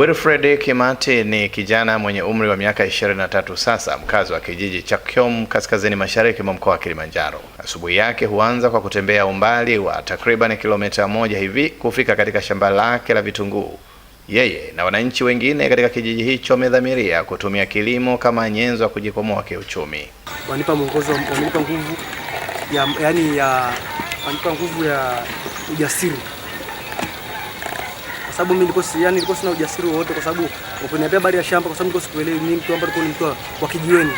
Wilfred Kimati ni kijana mwenye umri wa miaka 23 sasa, mkazi wa kijiji cha Kyom kaskazini mashariki mwa mkoa wa Kilimanjaro. Asubuhi yake huanza kwa kutembea umbali wa takriban kilomita moja hivi kufika katika shamba lake la vitunguu. Yeye na wananchi wengine katika kijiji hicho wamedhamiria kutumia kilimo kama nyenzo ya kujikomoa kiuchumi. Wanipa mwongozo, wamenipa nguvu ya, yani ya, wanipa nguvu ya ujasiri sababu mimi nilikuwa si yani, nilikuwa sina ujasiri wowote, kwa sababu ukuniambia habari ya shamba, kwa sababu nilikuwa sikuelewi. Mimi mtu ambaye ni mtu wa kijiweni.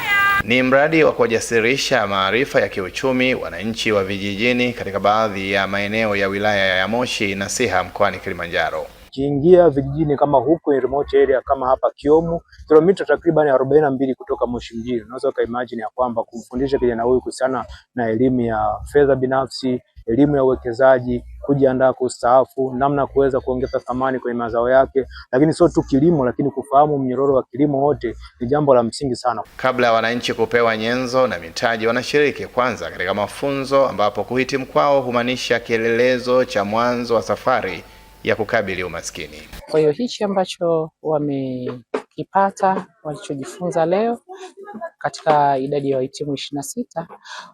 Ni mradi wa kuwajasirisha maarifa ya kiuchumi wananchi wa vijijini katika baadhi ya maeneo ya wilaya ya Moshi na Siha mkoani Kilimanjaro. Kiingia vijijini kama huko in remote area kama hapa Kiomu, kilomita takriban 42 kutoka Moshi mjini, unaweza ukaimagine ya kwamba kumfundisha kijana huyu kuhusiana na elimu ya fedha binafsi, elimu ya uwekezaji kujiandaa kustaafu, namna kuweza kuongeza thamani kwenye mazao yake, lakini sio tu kilimo, lakini kufahamu mnyororo wa kilimo wote ni jambo la msingi sana. Kabla ya wananchi kupewa nyenzo na mitaji, wanashiriki kwanza katika mafunzo, ambapo kuhitimu kwao humaanisha kielelezo cha mwanzo wa safari ya kukabili umaskini. Kwa hiyo hichi ambacho wamekipata, walichojifunza leo katika idadi ya wahitimu ishirini na sita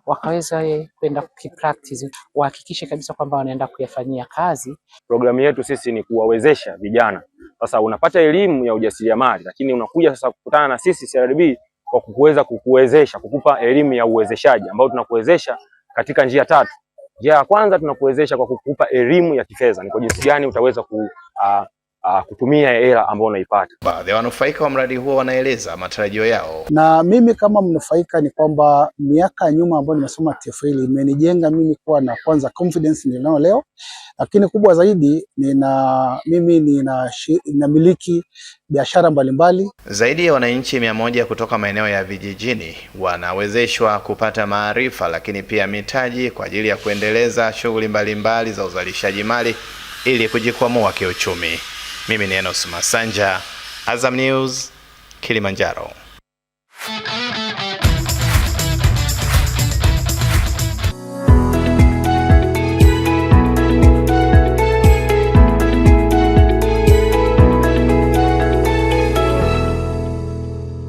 wakaweza kwenda kupractice, wahakikishe kabisa kwamba wanaenda kuyafanyia kazi. Programu yetu sisi ni kuwawezesha vijana. Sasa unapata elimu ya ujasiriamali, lakini unakuja sasa kukutana na sisi CRDB kwa kuweza kukuwezesha, kukupa elimu ya uwezeshaji ambao tunakuwezesha katika njia tatu. Njia ya kwanza tunakuwezesha kwa kukupa elimu ya kifedha, ni kwa jinsi gani utaweza ku, uh, uh, kutumia hela ambayo unaipata. Baadhi ya wanufaika wa mradi huo wanaeleza matarajio yao. Na mimi kama mnufaika ni kwamba miaka ya nyuma ambayo nimesoma TFL imenijenga mimi kuwa na kwanza confidence nilionayo leo, lakini kubwa zaidi nina mimi nina namiliki biashara mbalimbali. Zaidi ya wananchi mia moja kutoka maeneo ya vijijini wanawezeshwa kupata maarifa, lakini pia mitaji kwa ajili ya kuendeleza shughuli mbalimbali za uzalishaji mali ili kujikwamua kiuchumi. Mimi ni Enos Masanja, Azam News, Kilimanjaro.